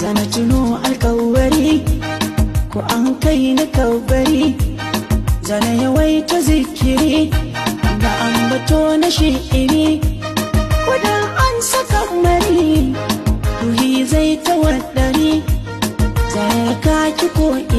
zana tuno alkawari ko an kai na kawbari zana yawaita zikiri da an bato na shi'iri ko da an saka mari ruhi zai tawaddari zana kaki ko